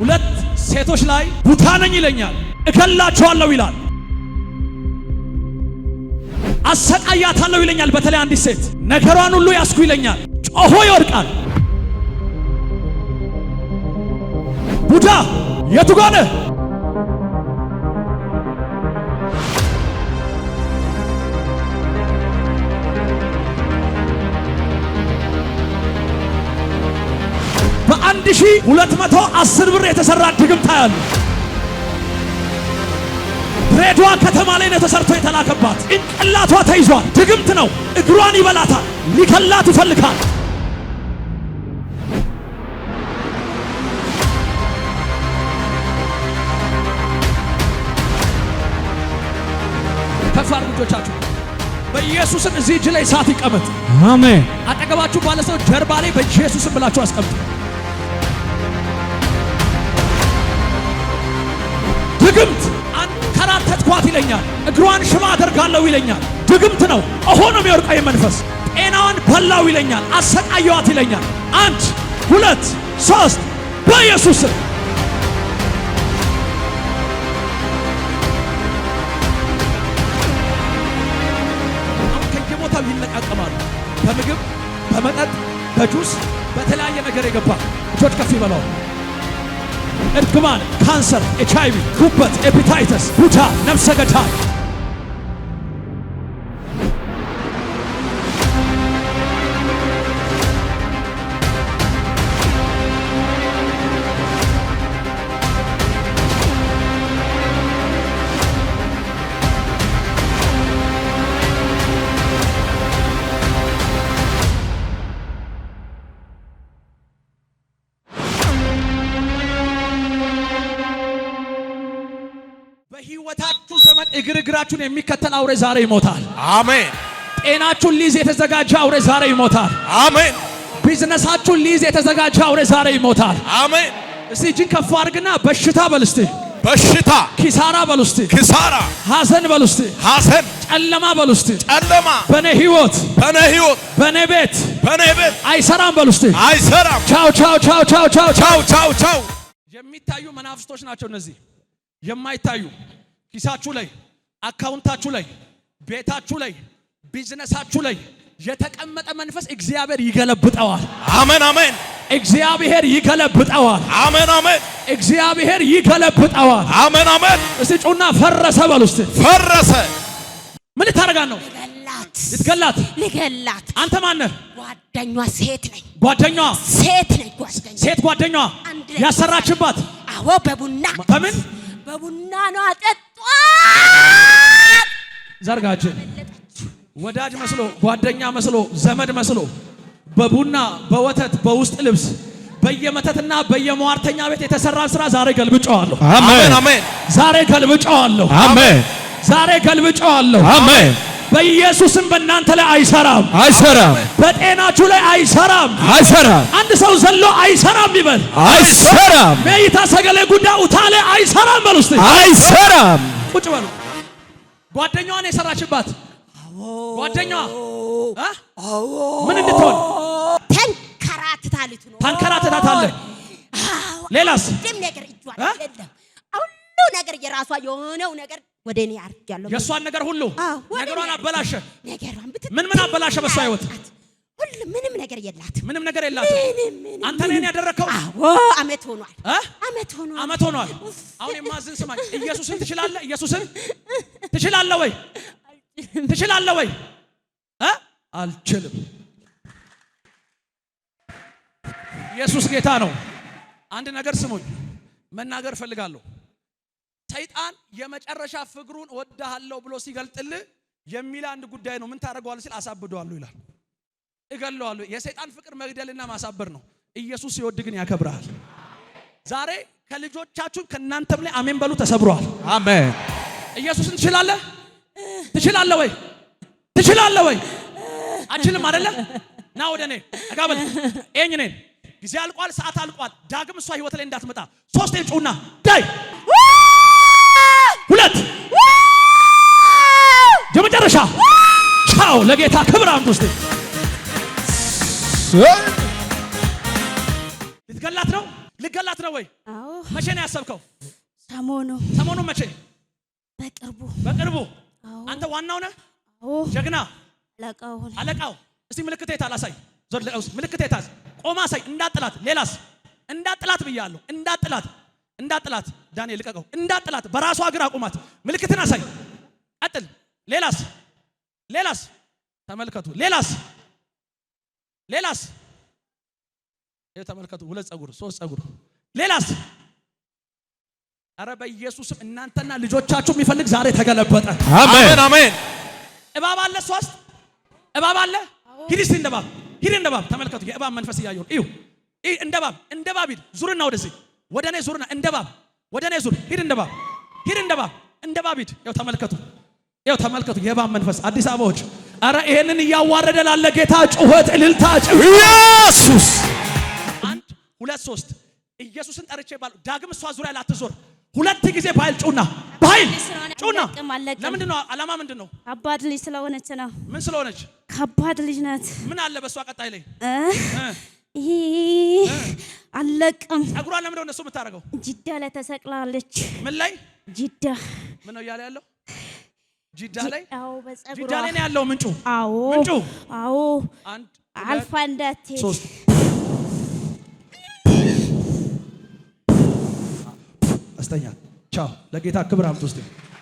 ሁለት ሴቶች ላይ ቡታ ነኝ ይለኛል፣ እገላችኋለሁ ይላል፣ አሰቃያታለሁ ይለኛል። በተለይ አንዲት ሴት ነገሯን ሁሉ ያስኩ ይለኛል፣ ጮሆ ይወድቃል። ቡዳ የቱ ጋር ነህ? አንድ ሺ ሁለት መቶ አስር ብር የተሰራ ድግም ታያሉ። ድሬዳዋ ከተማ ላይ ነው ተሰርቶ የተላከባት። ጭንቅላቷ ተይዟል። ድግምት ነው። እግሯን ይበላታል። ሊከላት ይፈልጋል። ከፋር ልጆቻችሁ በኢየሱስም እዚህ እጅ ላይ ሰዓት ይቀመጥ። አሜን። አጠገባችሁ ባለ ሰው ጀርባ ላይ በኢየሱስም ብላችሁ አስቀምጡ። ድግምት አንከራተትኳት ይለኛል። እግሯን ሽባ አደርጋለሁ ይለኛል። ድግምት ነው። እሆነ የሚወርቀው መንፈስ ጤናዋን በላው ይለኛል። አሰቃየዋት ይለኛል። አንድ ሁለት ሶስት በኢየሱስ ከየቦታው ይለቃቀማሉ። በምግብ በመጠጥ በጁስ በተለያየ ነገር የገባ እጆች ከፍ ይበላዋል። እርግማን፣ ካንሰር፣ ኤች አይ ቪ፣ ጉበት፣ ኤፒታይተስ፣ ቡታ፣ ነፍሰ ገዳይ በህይወታችሁ ዘመን እግር እግራችሁን የሚከተል አውሬ ዛሬ ይሞታል። አሜን። ጤናችሁን ሊይዝ የተዘጋጀ አውሬ ዛሬ ይሞታል። አሜን። ቢዝነሳችሁን ሊይዝ የተዘጋጀ አውሬ ዛሬ ይሞታል። አሜን። እስቲ እጅን ከፍ አድርግና በሽታ በልስቲ በሽታ፣ ኪሳራ በል ኪሳራ፣ ሐዘን በል ሐዘን፣ ጨለማ በል ጨለማ፣ በኔ ህይወት በኔ ህይወት፣ በኔ ቤት በኔ ቤት አይሰራም በል አይሰራም። ቻው ቻው ቻው ቻው ቻው ቻው ቻው ቻው። የሚታዩ መናፍስቶች ናቸው እነዚህ የማይታዩ ኪሳችሁ ላይ፣ አካውንታችሁ ላይ፣ ቤታችሁ ላይ፣ ቢዝነሳችሁ ላይ የተቀመጠ መንፈስ እግዚአብሔር ይገለብጠዋል። አሜን አሜን። እግዚአብሔር ይገለብጠዋል። አሜን አሜን። እግዚአብሔር ይገለብጠዋል። አሜን አሜን። እስቲ ጩና ፈረሰ በሉ። እስቲ ፈረሰ። ምን ልታደርጋት ነው? ልትገላት ልገላት። አንተ ማነህ? ጓደኛዋ ሴት ነኝ። ጓደኛዋ ሴት ነኝ። ጓደኛዋ ሴት ጓደኛዋ ያሰራችባት። አዎ በቡና በምን በቡና ነው አጠጥ ዘርጋችን ወዳጅ መስሎ ጓደኛ መስሎ ዘመድ መስሎ በቡና በወተት በውስጥ ልብስ በየመተትና በየመዋርተኛ ቤት የተሰራን ስራ ዛሬ ገልብጨዋለሁ። አሜን አሜን። ዛሬ ገልብጨዋለሁ። አሜን። ዛሬ ገልብጨዋለሁ። አሜን። በኢየሱስም በእናንተ ላይ አይሰራም፣ አይሰራም። በጤናችሁ ላይ አይሰራም፣ አይሰራም። አንድ ሰው ዘሎ አይሰራም ይበል። አይሰራም። ሜይታ ሰገሌ ጉዳ ኡታሌ አይሰራም በል። ውስጥ አይሰራም። ቁጭ በሉ። ጓደኛዋን የሰራችባት ጓደኛዋ ምን እንድትሆን ተንከራትታለች፣ ተንከራትታታለች። ሌላስ ነገር ሁሉ ነገር የራሷ የሆነው ነገር ወደ እኔ አርጌያለሁ። የእሷን ነገር ሁሉ ነገሯን አበላሸ። ነገሯን ምን ምን አበላሸ? በሷ ህይወት ሁሉ ምንም ነገር የላት፣ ምንም ነገር የላት። አንተ ላይ ያደረከው። አዎ አመት ሆኗል፣ አመት ሆኗል፣ አመት ሆኗል። አሁን የማዝን ስማኝ፣ ኢየሱስን ትችላለህ? ኢየሱስን ትችላለህ ወይ? ትችላለህ ወይ? አልችልም። ኢየሱስ ጌታ ነው። አንድ ነገር ስሙኝ፣ መናገር እፈልጋለሁ። ሰይጣን የመጨረሻ ፍቅሩን ወድሃለሁ ብሎ ሲገልጥልህ የሚል አንድ ጉዳይ ነው። ምን ታደርገዋለህ ሲል አሳብደዋለሁ ይላል፣ እገለዋለሁ። የሰይጣን ፍቅር መግደልና ማሳበር ነው። ኢየሱስ ሲወድ ግን ያከብርሃል። ዛሬ ከልጆቻችሁ ከእናንተም ላይ አሜን በሉ ተሰብረዋል። አሜን። ኢየሱስን ትችላለህ፣ ትችላለህ ወይ? ትችላለህ ወይ? አችልም አይደለም። ና ወደ እኔ ተጋበል። ይሄኝ ጊዜ አልቋል፣ ሰዓት አልቋል። ዳግም እሷ ህይወት ላይ እንዳትመጣ ሶስቴ ጩና ዳይ በእውነት የመጨረሻ ቻው ለጌታ ክብር አምጡ። ስ ልትገላት ነው ልትገላት ነው ወይ? መቼ ነው ያሰብከው? ሰሞኑ ሰሞኑ መቼ? በቅርቡ በቅርቡ። አንተ ዋናው ነ ጀግና አለቃው እስቲ ምልክት የታል? አሳይ ዞር፣ ምልክት የታል? ቆማ አሳይ። እንዳጥላት ሌላስ? እንዳጥላት ብያለሁ። እንዳጥላት እንዳጥላት ዳንኤል ልቀቀው፣ እንዳጥላት በራሷ እግር አቁማት። ምልክትን አሳይ። ቀጥል። ሌላስ ሌላስ ተመልከቱ። ሌላስ ሌላስ ተመልከቱ። ሁለት ጸጉር፣ ሶስት ጸጉር። ሌላስ አረ በኢየሱስም እናንተና ልጆቻችሁ የሚፈልግ ዛሬ ተገለበጠ። አሜን አሜን። እባብ አለ፣ ሶስት እባብ አለ። ሂድ እስቲ እንደባብ ሂድ፣ እንደባብ ተመልከቱ። የእባብ መንፈስ እያየሁ እዩ። እንደባብ እንደባብ ሂድ፣ ዙርና ወደዚህ ወደ እኔ ዙርና እንደባብ ወደ እኔ ዙር። ሂድ እንደባብ ሂድ እንደባብ እንደባብ እንደ ሂድ። ያው ተመልከቱ፣ ያው ተመልከቱ። የባብ መንፈስ አዲስ አበባዎች፣ አረ ይሄንን እያዋረደ ላለ ጌታ ጩኸት እልልታ፣ ኢየሱስ አንድ ሁለት ሶስት ኢየሱስን ጠርቼ ባል ዳግም እሷ ዙሪያ ላትዞር ሁለት ጊዜ በኃይል ጩና በኃይል ጩና። ለምንድን ነው አላማ ምንድን ነው? አባት ልጅ ስለሆነች ነው። ምን ስለሆነች? ከባድ ልጅ ናት። ምን አለ በእሷ ቀጣይ ላይ አለቅም። ጸጉሯ ለምንድን ነው እነሱ የምታደርገው? ጅዳ ላይ ተሰቅላለች። ምን ላይ? ጅዳ። ምን ነው እያለ ያለው? ጅዳ ላይ። አዎ፣ በጸጉሯ ጅዳ ላይ ነው ያለው ምንጩ። አዎ፣ ምንጩ። አዎ። አንድ አልፋ እንዳትሄድ ሶስት አስተኛ ቻው። ለጌታ ክብር አምጡ እስቲ